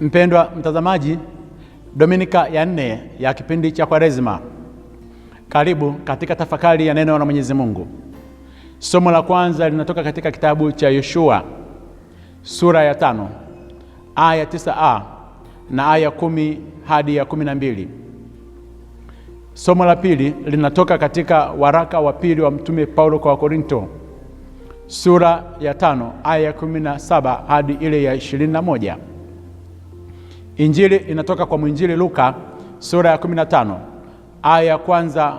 Mpendwa mtazamaji, Dominika ya nne ya kipindi cha Kwaresima, karibu katika tafakari ya neno la Mwenyezi Mungu. Somo la kwanza linatoka katika kitabu cha Yoshua sura ya tano aya tisa a na aya kumi hadi ya kumi na mbili. Somo la pili linatoka katika waraka wa pili wa Mtume Paulo kwa Wakorinto sura ya tano aya ya kumi na saba hadi ile ya ishirini na moja. Injili inatoka kwa mwinjili Luka sura ya 15 aya ya kwanza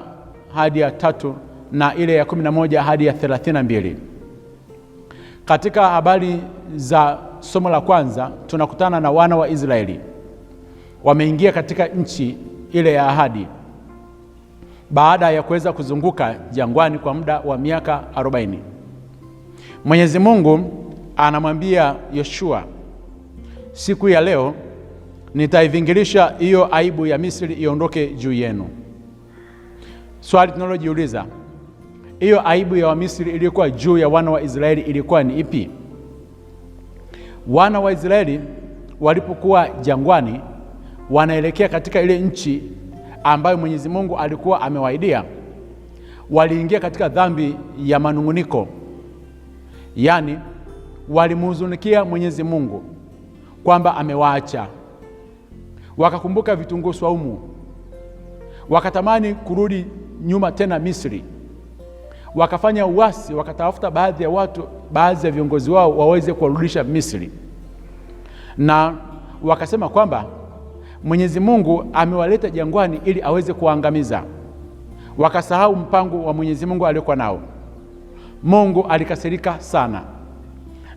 hadi ya tatu na ile ya 11 hadi ya 32. Katika habari za somo la kwanza tunakutana na wana wa Israeli wameingia katika nchi ile ya ahadi baada ya kuweza kuzunguka jangwani kwa muda wa miaka 40. Mwenyezi Mungu anamwambia Yoshua, siku ya leo nitaivingirisha hiyo aibu ya Misri iondoke juu yenu. Swali tunalojiuliza hiyo aibu ya Wamisri iliyokuwa juu ya wana wa Israeli ilikuwa ni ipi? Wana wa Israeli walipokuwa jangwani, wanaelekea katika ile nchi ambayo Mwenyezi Mungu alikuwa amewaidia, waliingia katika dhambi ya manung'uniko, yaani walimhuzunikia Mwenyezi Mungu kwamba amewaacha wakakumbuka vitunguu swaumu, wakatamani kurudi nyuma tena Misri, wakafanya uasi, wakatafuta baadhi ya watu, baadhi ya viongozi wao waweze kuwarudisha Misri, na wakasema kwamba Mwenyezi Mungu amewaleta jangwani ili aweze kuwaangamiza. Wakasahau mpango wa Mwenyezi Mungu aliokuwa nao. Mungu alikasirika sana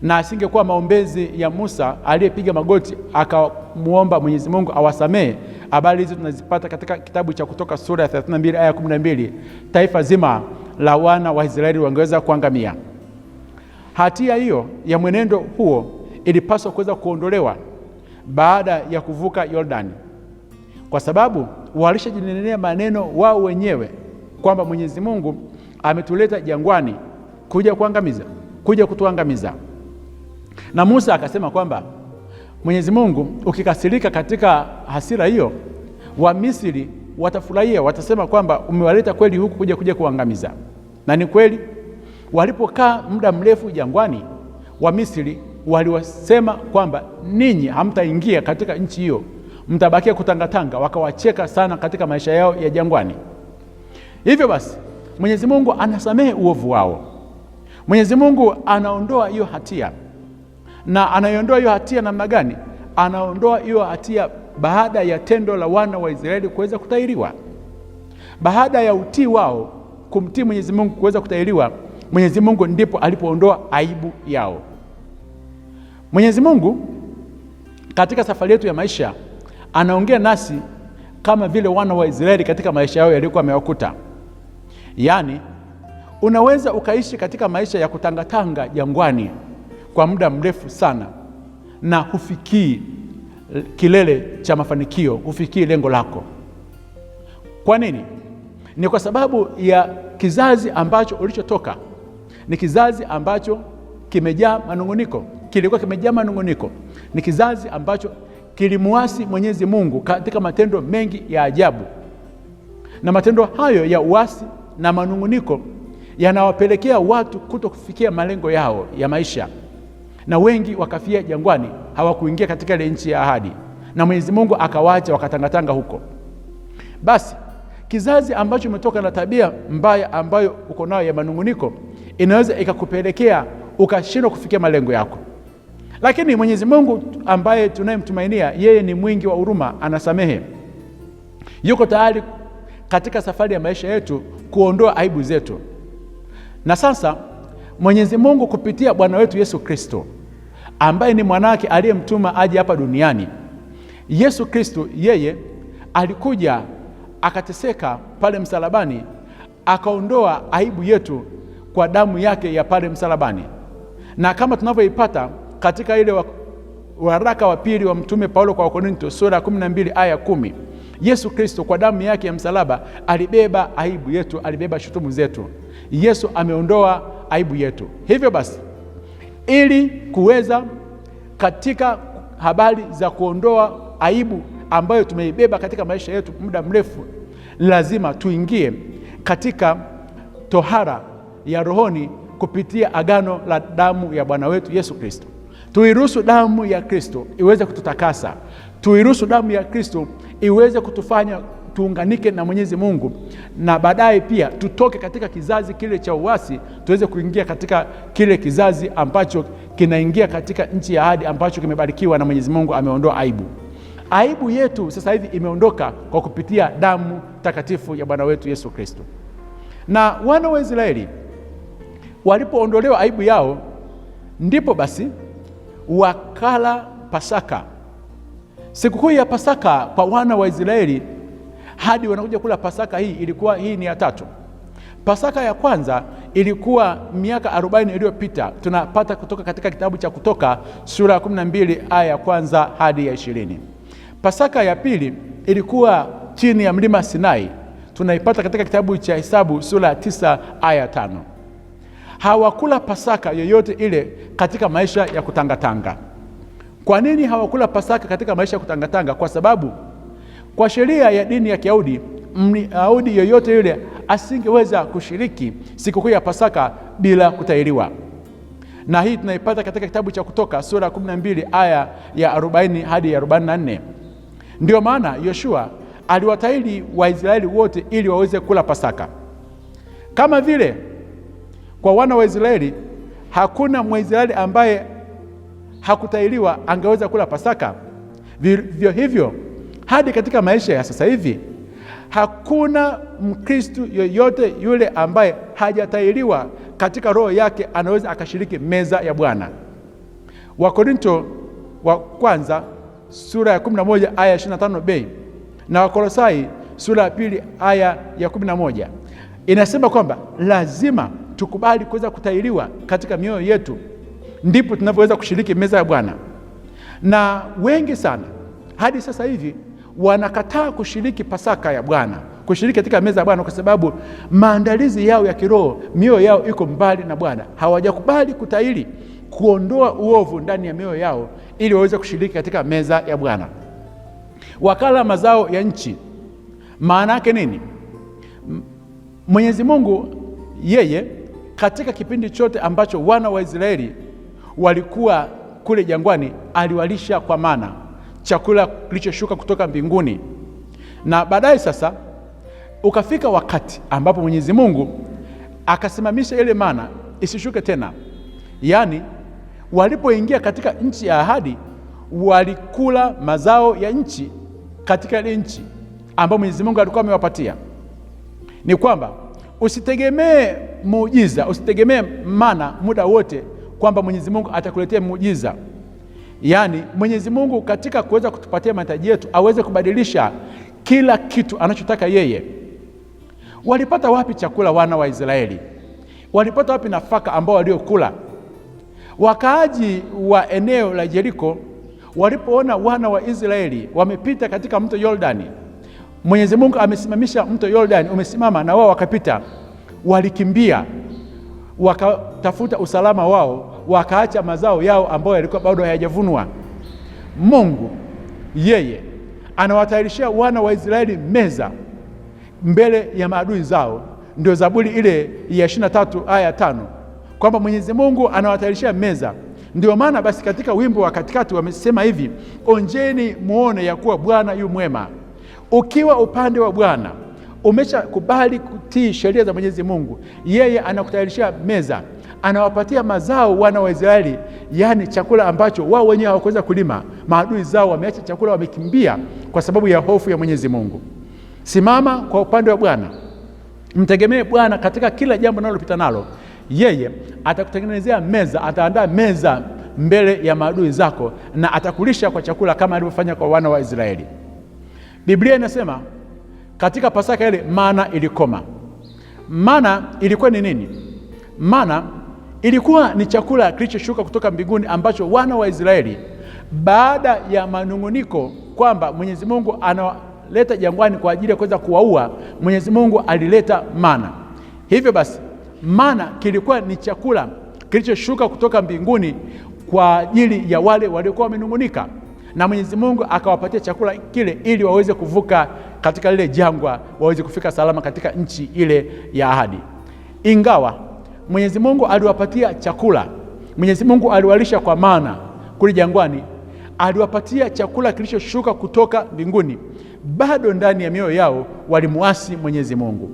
na asingekuwa maombezi ya Musa aliyepiga magoti akamwomba Mwenyezi Mungu awasamehe. Habari hizo tunazipata katika kitabu cha Kutoka sura ya 32 aya 12, taifa zima la wana wa Israeli wangeweza kuangamia. Hatia hiyo ya mwenendo huo ilipaswa kuweza kuondolewa baada ya kuvuka Yordani, kwa sababu walishajinenea maneno wao wenyewe kwamba Mwenyezi Mungu ametuleta jangwani kuja kuangamiza, kuja kutuangamiza. Na Musa akasema kwamba Mwenyezi Mungu ukikasirika katika hasira hiyo, Misri watafurahia, watasema kwamba umewaleta kweli huku kuja kuja kuangamiza. Na ni kweli walipokaa muda mrefu jangwani, Misri waliwasema kwamba ninyi hamtaingia katika nchi hiyo, mtabakia kutangatanga. Wakawacheka sana katika maisha yao ya jangwani. Hivyo basi, Mwenyezi Mungu anasamehe uovu wao. Mwenyezi Mungu anaondoa hiyo hatia na anaiondoa hiyo hatia namna gani? Anaondoa hiyo hatia baada ya tendo la wana wa Israeli kuweza kutahiriwa, baada ya utii wao kumtii Mwenyezi Mungu kuweza kutahiriwa, Mwenyezi Mungu ndipo alipoondoa aibu yao. Mwenyezi Mungu katika safari yetu ya maisha anaongea nasi kama vile wana wa Israeli katika maisha yao yaliyokuwa amewakuta. Yaani, unaweza ukaishi katika maisha ya kutangatanga jangwani kwa muda mrefu sana na hufikii kilele cha mafanikio, hufikii lengo lako. Kwa nini? Ni kwa sababu ya kizazi ambacho ulichotoka, ni kizazi ambacho kimejaa manung'uniko, kilikuwa kimejaa manung'uniko, ni kizazi ambacho kilimuasi Mwenyezi Mungu katika matendo mengi ya ajabu, na matendo hayo ya uasi na manung'uniko yanawapelekea watu kuto kufikia malengo yao ya maisha na wengi wakafia jangwani, hawakuingia katika ile nchi ya ahadi, na Mwenyezi Mungu akawaacha wakatangatanga huko. Basi kizazi ambacho umetoka na tabia mbaya ambayo uko nayo ya manunguniko, inaweza ikakupelekea ukashindwa kufikia malengo yako. Lakini Mwenyezi Mungu ambaye tunayemtumainia yeye ni mwingi wa huruma, anasamehe, yuko tayari katika safari ya maisha yetu kuondoa aibu zetu. Na sasa Mwenyezi Mungu kupitia Bwana wetu Yesu Kristo ambaye ni mwanawake aliyemtuma aje hapa duniani. Yesu Kristo yeye alikuja akateseka pale msalabani, akaondoa aibu yetu kwa damu yake ya pale msalabani, na kama tunavyoipata katika ile waraka wa pili wa mtume Paulo kwa Wakorinto sura ya 12 aya kumi. Yesu Kristo kwa damu yake ya msalaba alibeba aibu yetu, alibeba shutumu zetu. Yesu ameondoa aibu yetu. Hivyo basi ili kuweza katika habari za kuondoa aibu ambayo tumeibeba katika maisha yetu muda mrefu, lazima tuingie katika tohara ya rohoni kupitia agano la damu ya Bwana wetu Yesu Kristo. Tuiruhusu damu ya Kristo iweze kututakasa, tuiruhusu damu ya Kristo iweze kutufanya tuunganike na Mwenyezi Mungu na baadaye pia tutoke katika kizazi kile cha uasi tuweze kuingia katika kile kizazi ambacho kinaingia katika nchi ya ahadi ambacho kimebarikiwa na Mwenyezi Mungu, ameondoa aibu. Aibu yetu sasa hivi imeondoka kwa kupitia damu takatifu ya Bwana wetu Yesu Kristo. Na wana wa Israeli walipoondolewa aibu yao, ndipo basi wakala Pasaka. Sikukuu ya Pasaka kwa wana wa Israeli hadi wanakuja kula Pasaka. Hii ilikuwa hii ni ya tatu. Pasaka ya kwanza ilikuwa miaka arobaini iliyopita, tunapata kutoka katika kitabu cha Kutoka sura ya kumi na mbili aya ya kwanza hadi ya ishirini. Pasaka ya pili ilikuwa chini ya mlima Sinai, tunaipata katika kitabu cha Hesabu sura ya tisa aya ya tano. Hawakula pasaka yoyote ile katika maisha ya kutangatanga. Kwa nini hawakula pasaka katika maisha ya kutangatanga? Kwa sababu kwa sheria ya dini ya Kiyahudi, Myahudi yoyote yule asingeweza kushiriki sikukuu ya Pasaka bila kutahiriwa, na hii tunaipata katika kitabu cha Kutoka sura 12 aya ya 40 hadi ya 44. Ndiyo maana Yoshua aliwatahiri Waisraeli wote ili waweze kula Pasaka. Kama vile kwa wana wa Israeli hakuna Mwisraeli ambaye hakutahiriwa angeweza kula Pasaka, vivyo hivyo hadi katika maisha ya sasa hivi. Hakuna Mkristu yoyote yule ambaye hajatahiriwa katika roho yake anaweza akashiriki meza ya Bwana. Wakorinto wa kwanza sura ya 11 aya 25b na Wakolosai sura ya pili aya ya 11 inasema kwamba lazima tukubali kuweza kutahiriwa katika mioyo yetu, ndipo tunavyoweza kushiriki meza ya Bwana. Na wengi sana hadi sasa hivi wanakataa kushiriki Pasaka ya Bwana, kushiriki katika meza ya Bwana kwa sababu maandalizi yao ya kiroho, mioyo yao iko mbali na Bwana. Hawajakubali kutahiri, kuondoa uovu ndani ya mioyo yao ili waweze kushiriki katika meza ya Bwana. Wakala mazao ya nchi, maana yake nini? Mwenyezi Mungu yeye katika kipindi chote ambacho wana wa Israeli walikuwa kule jangwani aliwalisha kwa mana chakula kilichoshuka kutoka mbinguni, na baadaye sasa ukafika wakati ambapo Mwenyezi Mungu akasimamisha ile mana isishuke tena. Yaani, walipoingia katika nchi ya ahadi walikula mazao ya nchi katika ile nchi ambayo Mwenyezi Mungu alikuwa amewapatia. Ni kwamba usitegemee muujiza, usitegemee mana muda wote kwamba Mwenyezi Mungu atakuletea muujiza. Yaani Mwenyezi Mungu katika kuweza kutupatia mahitaji yetu aweze kubadilisha kila kitu anachotaka yeye. Walipata wapi chakula wana wa Israeli? Walipata wapi nafaka ambao waliokula? Wakaaji wa eneo la jeriko walipoona wana wa Israeli wamepita katika mto Yordani, Mwenyezi Mungu amesimamisha mto Yordani, umesimama na wao wakapita, walikimbia wakatafuta usalama wao wakaacha mazao yao ambayo yalikuwa bado hayajavunwa. Mungu yeye anawatayarishia wana wa Israeli meza mbele ya maadui zao, ndio Zaburi ile ya ishirini na tatu aya ya tano kwamba Mwenyezi Mungu anawatayarishia meza. Ndio maana basi katika wimbo wa katikati wamesema hivi, onjeni muone ya kuwa Bwana yu mwema. Ukiwa upande wa Bwana umeshakubali kutii sheria za Mwenyezi Mungu, yeye anakutayarishia meza anawapatia mazao wana wa Israeli, yaani chakula ambacho wao wenyewe hawakuweza kulima. Maadui zao wameacha chakula, wamekimbia kwa sababu ya hofu ya Mwenyezi Mungu. Simama kwa upande wa Bwana, mtegemee Bwana katika kila jambo nalopita nalo. Yeye atakutengenezea meza, ataandaa meza mbele ya maadui zako, na atakulisha kwa chakula kama alivyofanya kwa wana wa Israeli. Biblia inasema katika Pasaka ile mana ilikoma. Mana ilikuwa ni nini? Mana Ilikuwa ni chakula kilichoshuka kutoka mbinguni ambacho wana wa Israeli baada ya manung'uniko kwamba Mwenyezi Mungu analeta jangwani kwa ajili ya kuweza kuwaua, Mwenyezi Mungu alileta mana. Hivyo basi, mana kilikuwa ni chakula kilichoshuka kutoka mbinguni kwa ajili ya wale waliokuwa wamenung'unika, na Mwenyezi Mungu akawapatia chakula kile ili waweze kuvuka katika lile jangwa, waweze kufika salama katika nchi ile ya ahadi, ingawa Mwenyezi Mungu aliwapatia chakula. Mwenyezi Mungu aliwalisha kwa mana kule jangwani, aliwapatia chakula kilichoshuka kutoka mbinguni. Bado ndani ya mioyo yao walimuasi Mwenyezi Mungu.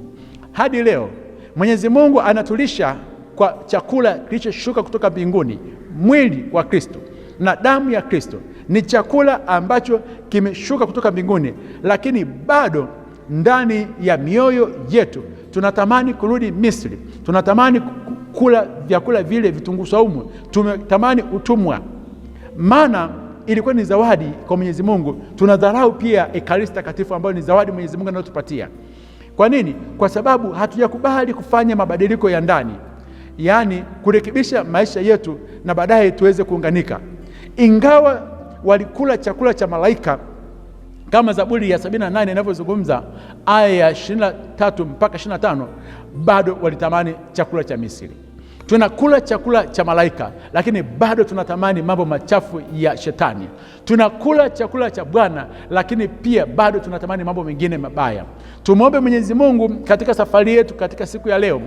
Hadi leo Mwenyezi Mungu anatulisha kwa chakula kilichoshuka kutoka mbinguni, mwili wa Kristo na damu ya Kristo ni chakula ambacho kimeshuka kutoka mbinguni, lakini bado ndani ya mioyo yetu tunatamani kurudi Misri, tunatamani kula vyakula vile vitunguu saumu, tumetamani utumwa. Maana ilikuwa ni zawadi kwa Mwenyezi Mungu. Tunadharau pia Ekaristi Takatifu ambayo ni zawadi Mwenyezi Mungu anayotupatia. Kwa nini? Kwa sababu hatujakubali kufanya mabadiliko ya ndani, yaani kurekebisha maisha yetu na baadaye tuweze kuunganika. Ingawa walikula chakula cha malaika kama Zaburi ya 78 inavyozungumza aya ya 23 mpaka 25, bado walitamani chakula cha Misri. Tunakula chakula cha malaika, lakini bado tunatamani mambo machafu ya Shetani. Tunakula chakula cha Bwana, lakini pia bado tunatamani mambo mengine mabaya. Tumwombe Mwenyezi Mungu katika safari yetu, katika siku ya leo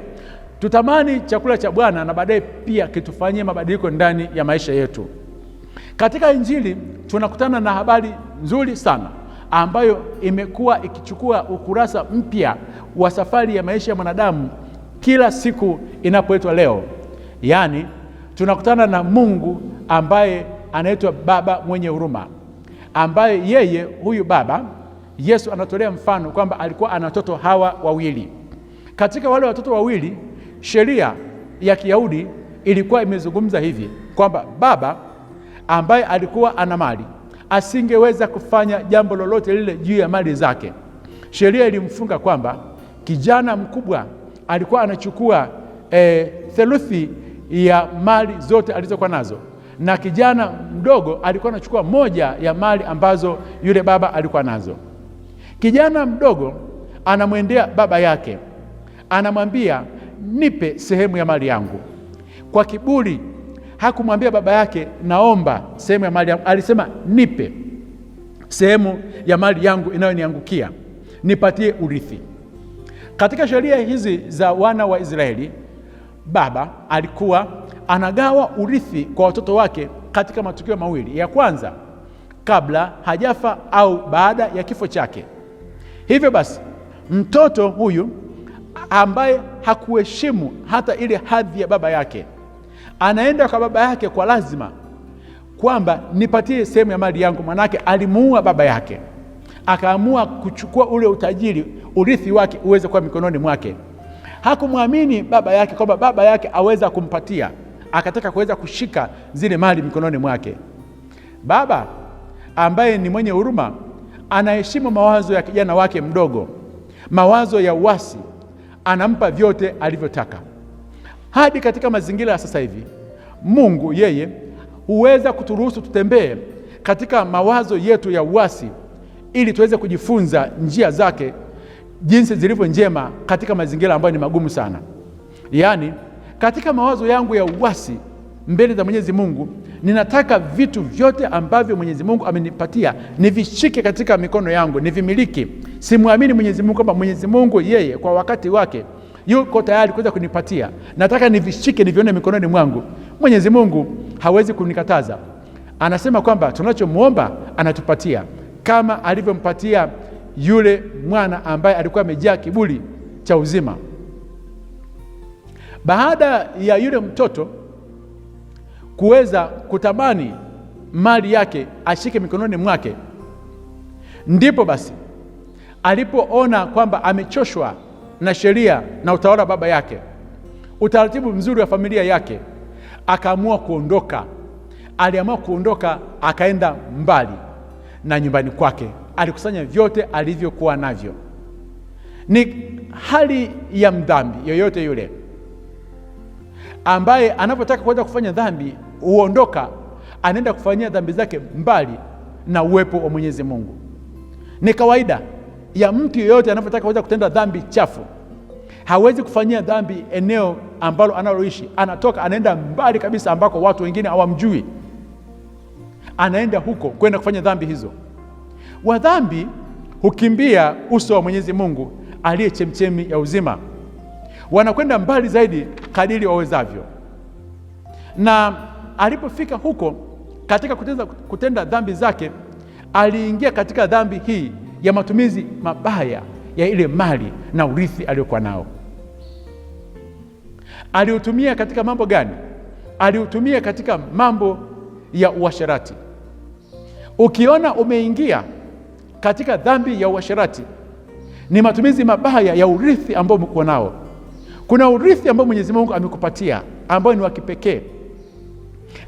tutamani chakula cha Bwana na baadaye pia kitufanyie mabadiliko ndani ya maisha yetu. Katika Injili tunakutana na habari nzuri sana ambayo imekuwa ikichukua ukurasa mpya wa safari ya maisha ya mwanadamu kila siku inapoitwa leo. Yaani tunakutana na Mungu ambaye anaitwa Baba mwenye huruma, ambaye yeye huyu Baba Yesu anatolea mfano kwamba alikuwa ana watoto hawa wawili. Katika wale watoto wawili, sheria ya Kiyahudi ilikuwa imezungumza hivi kwamba baba ambaye alikuwa ana mali asingeweza kufanya jambo lolote lile juu ya mali zake. Sheria ilimfunga kwamba kijana mkubwa alikuwa anachukua e, theluthi ya mali zote alizokuwa nazo, na kijana mdogo alikuwa anachukua moja ya mali ambazo yule baba alikuwa nazo. Kijana mdogo anamwendea baba yake, anamwambia nipe sehemu ya mali yangu. Kwa kiburi hakumwambia baba yake, naomba sehemu ya mali yangu, alisema nipe sehemu ya mali yangu inayoniangukia, nipatie urithi. Katika sheria hizi za wana wa Israeli, baba alikuwa anagawa urithi kwa watoto wake katika matukio mawili. Ya kwanza kabla hajafa au baada ya kifo chake. Hivyo basi, mtoto huyu ambaye hakuheshimu hata ile hadhi ya baba yake anaenda kwa baba yake kwa lazima kwamba nipatie sehemu ya mali yangu, manake alimuua baba yake, akaamua kuchukua ule utajiri, urithi wake uweze kuwa mikononi mwake. Hakumwamini baba yake kwamba baba yake aweza kumpatia, akataka kuweza kushika zile mali mikononi mwake. Baba ambaye ni mwenye huruma anaheshimu mawazo ya kijana wake mdogo, mawazo ya uasi, anampa vyote alivyotaka hadi katika mazingira ya sasa hivi. Mungu yeye huweza kuturuhusu tutembee katika mawazo yetu ya uasi ili tuweze kujifunza njia zake jinsi zilivyo njema katika mazingira ambayo ni magumu sana. Yaani, katika mawazo yangu ya uasi mbele za Mwenyezi Mungu, ninataka vitu vyote ambavyo Mwenyezi Mungu amenipatia nivishike katika mikono yangu, nivimiliki. Simwamini Mwenyezi Mungu kwamba Mwenyezi Mungu yeye kwa wakati wake yuko tayari kuweza kunipatia, nataka nivishike, nivione mikononi mwangu. Mwenyezi Mungu hawezi kunikataza, anasema kwamba tunachomwomba anatupatia, kama alivyompatia yule mwana ambaye alikuwa amejaa kiburi cha uzima. Baada ya yule mtoto kuweza kutamani mali yake ashike mikononi mwake, ndipo basi alipoona kwamba amechoshwa na sheria na utawala wa baba yake, utaratibu mzuri wa familia yake, akaamua kuondoka. Aliamua kuondoka, akaenda mbali na nyumbani kwake, alikusanya vyote alivyokuwa navyo. Ni hali ya mdhambi yoyote yule ambaye anapotaka kwenda kufanya dhambi huondoka, anaenda kufanyia dhambi zake mbali na uwepo wa Mwenyezi Mungu. Ni kawaida ya mtu yeyote anapotaka weza kutenda dhambi chafu. Hawezi kufanyia dhambi eneo ambalo analoishi, anatoka anaenda mbali kabisa ambako watu wengine hawamjui, anaenda huko kwenda kufanya dhambi hizo. Wadhambi hukimbia uso wa Mwenyezi Mungu aliye chemchemi ya uzima, wanakwenda mbali zaidi kadiri wawezavyo, na alipofika huko katika kutenda, kutenda dhambi zake aliingia katika dhambi hii ya matumizi mabaya ya ile mali na urithi aliyokuwa nao. Aliutumia katika mambo gani? Aliutumia katika mambo ya uasherati. Ukiona umeingia katika dhambi ya uasherati, ni matumizi mabaya ya urithi ambao umekuwa nao. Kuna urithi ambao Mwenyezi Mungu amekupatia ambao ni wa kipekee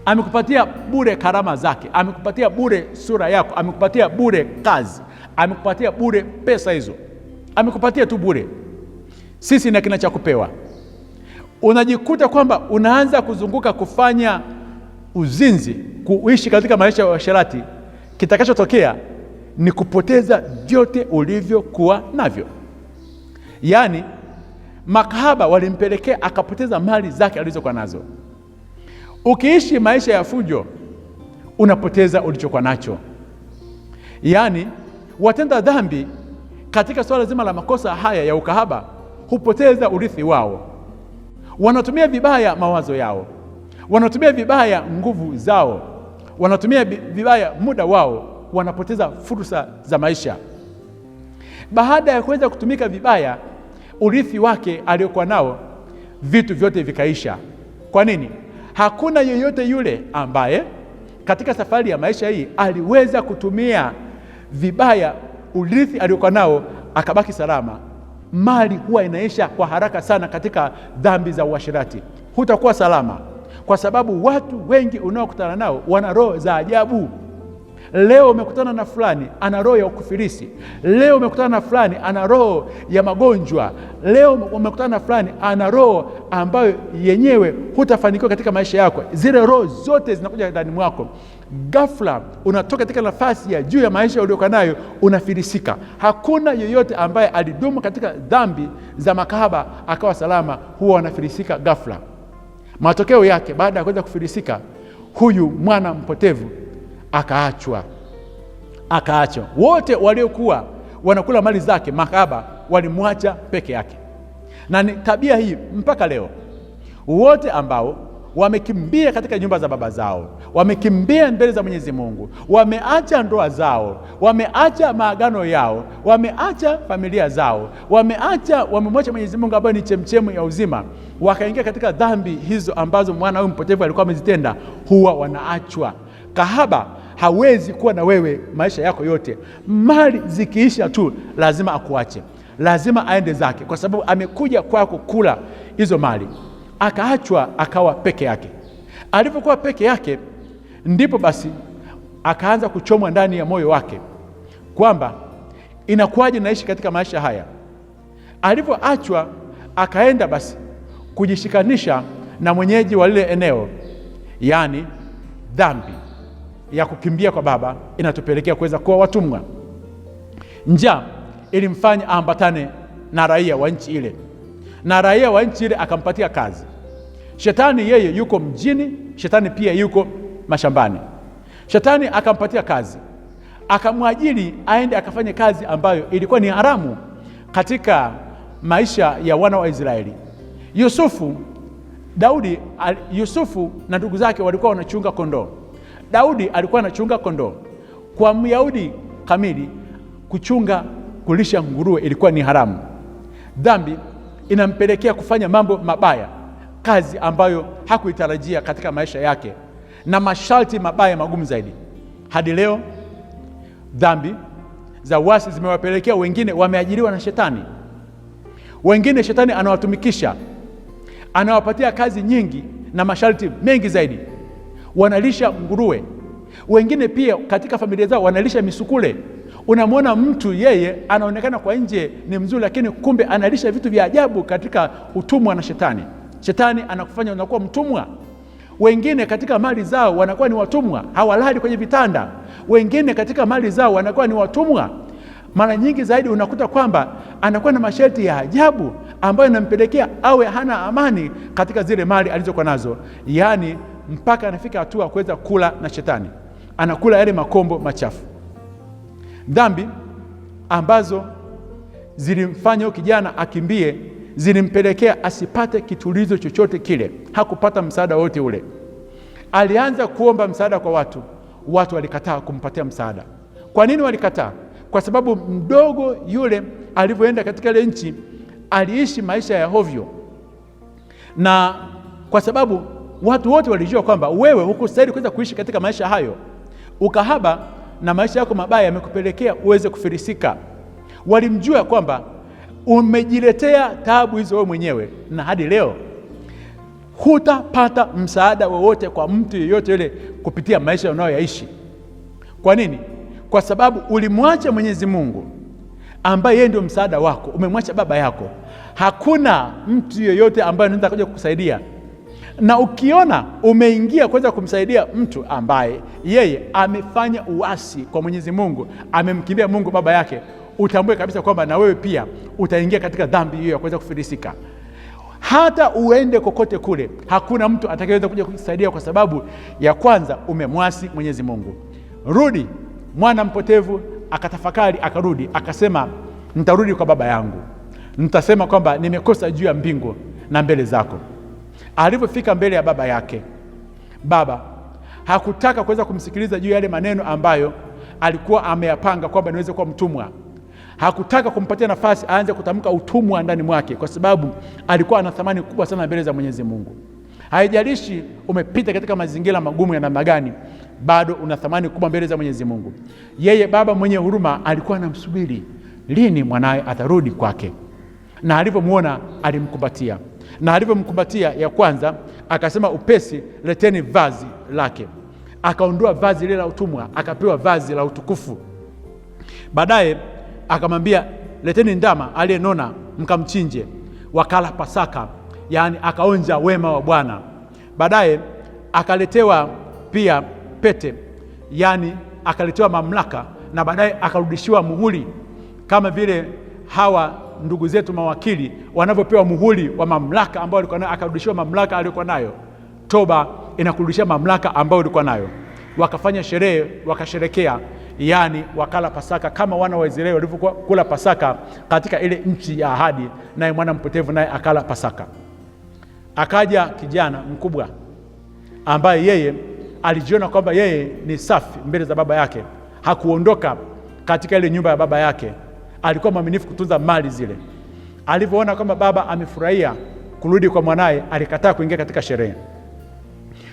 amekupatia bure karama zake, amekupatia bure sura yako, amekupatia bure kazi, amekupatia bure pesa hizo, amekupatia tu bure. Sisi na kina cha kupewa, unajikuta kwamba unaanza kuzunguka kufanya uzinzi, kuishi katika maisha ya uasherati. Kitakachotokea ni kupoteza vyote ulivyokuwa navyo. Yaani makahaba walimpelekea akapoteza mali zake alizokuwa nazo. Ukiishi maisha ya fujo unapoteza ulichokuwa nacho. Yaani Watenda dhambi katika suala zima la makosa haya ya ukahaba hupoteza urithi wao. Wanatumia vibaya mawazo yao, wanatumia vibaya nguvu zao, wanatumia vibaya muda wao, wanapoteza fursa za maisha. Baada ya kuweza kutumika vibaya urithi wake aliyokuwa nao, vitu vyote vikaisha. Kwa nini? Hakuna yeyote yule ambaye katika safari ya maisha hii aliweza kutumia vibaya urithi aliokuwa nao akabaki salama, mali huwa inaisha kwa haraka sana katika dhambi za uasherati. Hutakuwa salama, kwa sababu watu wengi unaokutana nao wana roho za ajabu. Leo umekutana na fulani ana roho ya ukufirisi Leo umekutana na fulani ana roho ya magonjwa. Leo umekutana na fulani ana roho ambayo yenyewe hutafanikiwa katika maisha yako. Zile roho zote zinakuja ndani mwako. Ghafla unatoka katika nafasi ya juu ya maisha uliokuwa nayo, unafirisika. Hakuna yeyote ambaye alidumu katika dhambi za makahaba akawa salama, huwa wanafilisika ghafla. Matokeo yake baada ya kuweza kufirisika, huyu mwana mpotevu akaachwa akaachwa. Wote waliokuwa wanakula mali zake makahaba walimwacha peke yake, na ni tabia hii mpaka leo. Wote ambao wamekimbia katika nyumba za baba zao, wamekimbia mbele za Mwenyezi Mungu, wameacha ndoa zao, wameacha maagano yao, wameacha familia zao, wameacha wamemwacha Mwenyezi Mungu ambaye ni chemchemu ya uzima, wakaingia katika dhambi hizo ambazo mwana huyu mpotevu alikuwa amezitenda, huwa wanaachwa kahaba hawezi kuwa na wewe maisha yako yote. Mali zikiisha tu lazima akuache, lazima aende zake, kwa sababu amekuja kwako kula hizo mali, akaachwa akawa peke yake. Alipokuwa peke yake, ndipo basi akaanza kuchomwa ndani ya moyo wake kwamba inakuwaje naishi katika maisha haya. Alipoachwa akaenda basi kujishikanisha na mwenyeji wa lile eneo, yaani dhambi ya kukimbia kwa baba inatupelekea kuweza kuwa watumwa. Njaa ilimfanya aambatane na raia wa nchi ile, na raia wa nchi ile akampatia kazi. Shetani yeye yuko mjini, shetani pia yuko mashambani. Shetani akampatia kazi, akamwajiri aende akafanye kazi ambayo ilikuwa ni haramu katika maisha ya wana wa Israeli. Yusufu Daudi, Yusufu na ndugu zake walikuwa wanachunga kondoo. Daudi alikuwa anachunga kondoo. Kwa Myahudi kamili, kuchunga kulisha nguruwe ilikuwa ni haramu. Dhambi inampelekea kufanya mambo mabaya, kazi ambayo hakuitarajia katika maisha yake, na masharti mabaya magumu zaidi. Hadi leo dhambi za uasi zimewapelekea wengine, wameajiriwa na shetani, wengine shetani anawatumikisha, anawapatia kazi nyingi na masharti mengi zaidi wanalisha nguruwe, wengine pia katika familia zao wanalisha misukule. Unamwona mtu yeye anaonekana kwa nje ni mzuri, lakini kumbe analisha vitu vya ajabu katika utumwa na shetani. Shetani anakufanya unakuwa mtumwa. Wengine katika mali zao wanakuwa ni watumwa, hawalali kwenye vitanda. Wengine katika mali zao wanakuwa ni watumwa. Mara nyingi zaidi unakuta kwamba anakuwa na masharti ya ajabu ambayo inampelekea awe hana amani katika zile mali alizokuwa nazo, yaani mpaka anafika hatua kuweza kula na shetani, anakula yale makombo machafu. Dhambi ambazo zilimfanya huyo kijana akimbie zilimpelekea asipate kitulizo chochote kile, hakupata msaada wote ule. Alianza kuomba msaada kwa watu, watu walikataa kumpatia msaada. Kwa nini walikataa? Kwa sababu mdogo yule alivyoenda katika ile nchi aliishi maisha ya hovyo, na kwa sababu Watu wote walijua kwamba wewe hukustahili kuweza kuishi katika maisha hayo. Ukahaba na maisha yako mabaya yamekupelekea uweze kufilisika. Walimjua kwamba umejiletea taabu hizo wewe mwenyewe, na hadi leo hutapata msaada wowote kwa mtu yeyote yule kupitia maisha unayoyaishi. Kwa nini? Kwa sababu ulimwacha Mwenyezi Mungu ambaye yeye ndio msaada wako, umemwacha baba yako. Hakuna mtu yeyote ambaye anaweza kuja kukusaidia na ukiona umeingia kuweza kumsaidia mtu ambaye yeye amefanya uasi kwa Mwenyezi Mungu, amemkimbia Mungu baba yake, utambue kabisa kwamba na wewe pia utaingia katika dhambi hiyo ya kuweza kufilisika. Hata uende kokote kule, hakuna mtu atakayeweza kuja kusaidia, kwa sababu ya kwanza umemwasi Mwenyezi Mungu. Rudi, mwana mpotevu akatafakari, akarudi akasema, nitarudi kwa baba yangu, nitasema kwamba nimekosa juu ya mbingu na mbele zako alivyofika mbele ya baba yake, baba hakutaka kuweza kumsikiliza juu ya yale maneno ambayo alikuwa ameyapanga kwamba niweze kuwa mtumwa. Hakutaka kumpatia nafasi aanze kutamka utumwa ndani mwake, kwa sababu alikuwa ana thamani kubwa sana mbele za Mwenyezi Mungu. Haijalishi umepita katika mazingira magumu ya namna gani, bado una thamani kubwa mbele za Mwenyezi Mungu. Yeye baba mwenye huruma alikuwa anamsubiri lini mwanaye atarudi kwake, na alivyomwona alimkumbatia na alivyomkumbatia ya kwanza akasema, upesi leteni vazi lake. Akaondoa vazi lile la utumwa, akapewa vazi la utukufu. Baadaye akamwambia, leteni ndama aliyenona mkamchinje. Wakala Pasaka, yaani akaonja wema wa Bwana. Baadaye akaletewa pia pete, yaani akaletewa mamlaka, na baadaye akarudishiwa muhuri kama vile hawa ndugu zetu mawakili wanavyopewa muhuri wa mamlaka ambayo alikuwa nayo, akarudishiwa mamlaka aliyokuwa nayo. Toba inakurudishia mamlaka ambayo ulikuwa nayo. Wakafanya sherehe, wakasherekea, yaani wakala Pasaka kama wana wa Israeli walivyokuwa kula Pasaka katika ile nchi ya ahadi, naye mwana mpotevu naye akala Pasaka. Akaja kijana mkubwa ambaye yeye alijiona kwamba yeye ni safi mbele za baba yake, hakuondoka katika ile nyumba ya baba yake alikuwa mwaminifu kutunza mali zile. Alivyoona kwamba baba amefurahia kurudi kwa mwanaye, alikataa kuingia katika sherehe.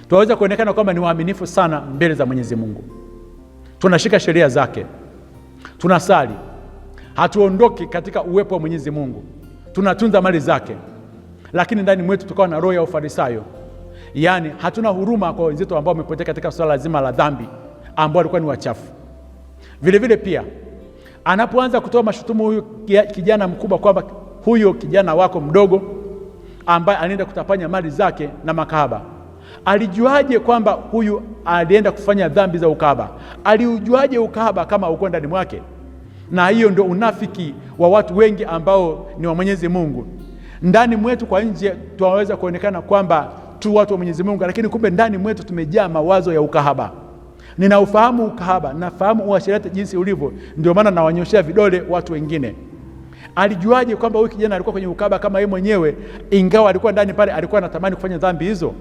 Tunaweza kuonekana kwamba ni waaminifu sana mbele za Mwenyezi Mungu, tunashika sheria zake, tunasali, hatuondoki katika uwepo wa Mwenyezi Mungu, tunatunza mali zake, lakini ndani mwetu tukawa na roho ya ufarisayo, yaani hatuna huruma kwa wenzetu ambao wamepotea katika swala zima la dhambi, ambao walikuwa ni wachafu vilevile pia anapoanza kutoa mashutumu huyu kijana mkubwa kwamba huyo kijana wako mdogo ambaye anaenda kutapanya mali zake na makahaba, alijuaje kwamba huyu alienda kufanya dhambi za ukahaba? Aliujuaje ukahaba kama uko ndani mwake? Na hiyo ndio unafiki wa watu wengi ambao ni wa Mwenyezi Mungu. Ndani mwetu kwa nje tunaweza kuonekana kwamba tu watu wa Mwenyezi Mungu, lakini kumbe ndani mwetu tumejaa mawazo ya ukahaba. Ninaufahamu ukahaba, nafahamu uasherati jinsi ulivyo, ndio maana nawanyoshea vidole watu wengine. Alijuaje kwamba huyu kijana alikuwa kwenye ukahaba kama yeye mwenyewe, ingawa alikuwa ndani pale, alikuwa anatamani kufanya dhambi hizo?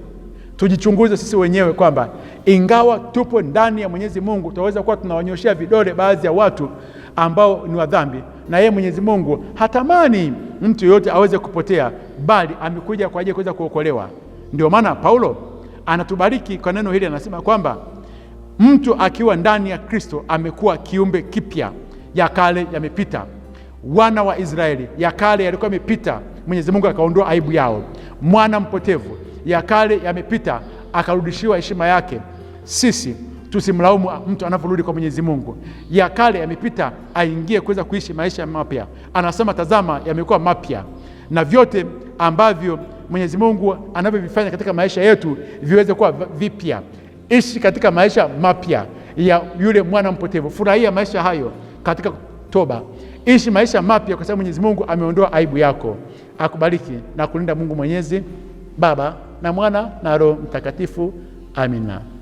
Tujichunguze sisi wenyewe kwamba ingawa tupo ndani ya Mwenyezi Mungu, tunaweza kuwa tunawanyoshea vidole baadhi ya watu ambao ni wa dhambi, na yeye Mwenyezi Mungu hatamani mtu yoyote aweze kupotea, bali amekuja kwa ajili ya kuweza kuokolewa. Ndio maana Paulo anatubariki kwa neno hili, anasema kwamba Mtu akiwa ndani ya Kristo amekuwa kiumbe kipya, ya kale yamepita. Wana wa Israeli ya kale yalikuwa yamepita, Mwenyezi Mungu akaondoa aibu yao. Mwana mpotevu ya kale yamepita, akarudishiwa heshima yake. Sisi tusimlaumu mtu anavyorudi kwa Mwenyezi Mungu. Ya kale yamepita, aingie kuweza kuishi maisha mapya. Anasema, tazama, yamekuwa mapya, na vyote ambavyo Mwenyezi Mungu anavyovifanya katika maisha yetu viweze kuwa vipya. Ishi katika maisha mapya ya yule mwana mpotevu, furahia maisha hayo katika toba. Ishi maisha mapya, kwa sababu Mwenyezi Mungu ameondoa aibu yako. Akubariki na kulinda Mungu Mwenyezi, Baba na Mwana na Roho Mtakatifu. Amina.